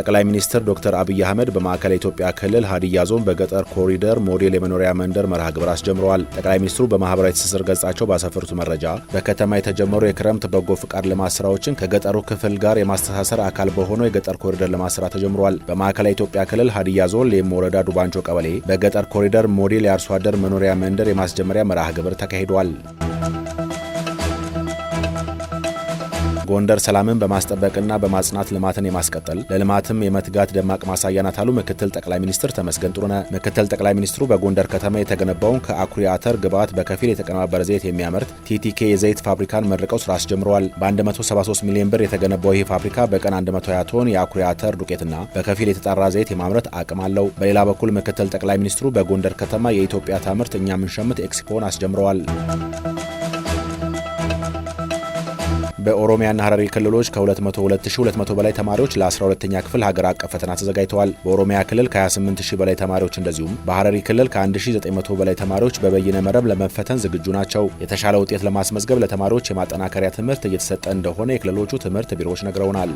ጠቅላይ ሚኒስትር ዶክተር አብይ አህመድ በማዕከላዊ ኢትዮጵያ ክልል ሀዲያ ዞን በገጠር ኮሪደር ሞዴል የመኖሪያ መንደር መርሃ ግብር አስጀምረዋል። ጠቅላይ ሚኒስትሩ በማህበራዊ ትስስር ገጻቸው ባሰፈሩት መረጃ በከተማ የተጀመሩ የክረምት በጎ ፍቃድ ልማት ስራዎችን ከገጠሩ ክፍል ጋር የማስተሳሰር አካል በሆነው የገጠር ኮሪደር ልማት ስራ ተጀምረዋል። በማዕከላዊ ኢትዮጵያ ክልል ሀዲያ ዞን ሌም ወረዳ ዱባንቾ ቀበሌ በገጠር ኮሪደር ሞዴል የአርሶ አደር መኖሪያ መንደር የማስጀመሪያ መርሃ ግብር ተካሂዷል። ጎንደር ሰላምን በማስጠበቅና በማጽናት ልማትን የማስቀጠል ለልማትም የመትጋት ደማቅ ማሳያ ናት አሉ ምክትል ጠቅላይ ሚኒስትር ተመስገን ጥሩነህ። ምክትል ጠቅላይ ሚኒስትሩ በጎንደር ከተማ የተገነባውን ከአኩሪ አተር ግብዓት በከፊል የተቀነባበረ ዘይት የሚያመርት ቲቲኬ የዘይት ፋብሪካን መርቀው ስራ አስጀምረዋል። በ173 ሚሊዮን ብር የተገነባው ይህ ፋብሪካ በቀን 120 ቶን የአኩሪ አተር ዱቄትና በከፊል የተጣራ ዘይት የማምረት አቅም አለው። በሌላ በኩል ምክትል ጠቅላይ ሚኒስትሩ በጎንደር ከተማ የኢትዮጵያ ታምርት እኛ ምንሸምት ኤክስፖን አስጀምረዋል። በኦሮሚያና ሀረሪ ክልሎች ከ202200 በላይ ተማሪዎች ለ12ኛ ክፍል ሀገር አቀፍ ፈተና ተዘጋጅተዋል። በኦሮሚያ ክልል ከ28000 በላይ ተማሪዎች እንደዚሁም በሀረሪ ክልል ከ1900 በላይ ተማሪዎች በበይነ መረብ ለመፈተን ዝግጁ ናቸው። የተሻለ ውጤት ለማስመዝገብ ለተማሪዎች የማጠናከሪያ ትምህርት እየተሰጠ እንደሆነ የክልሎቹ ትምህርት ቢሮዎች ነግረውናል።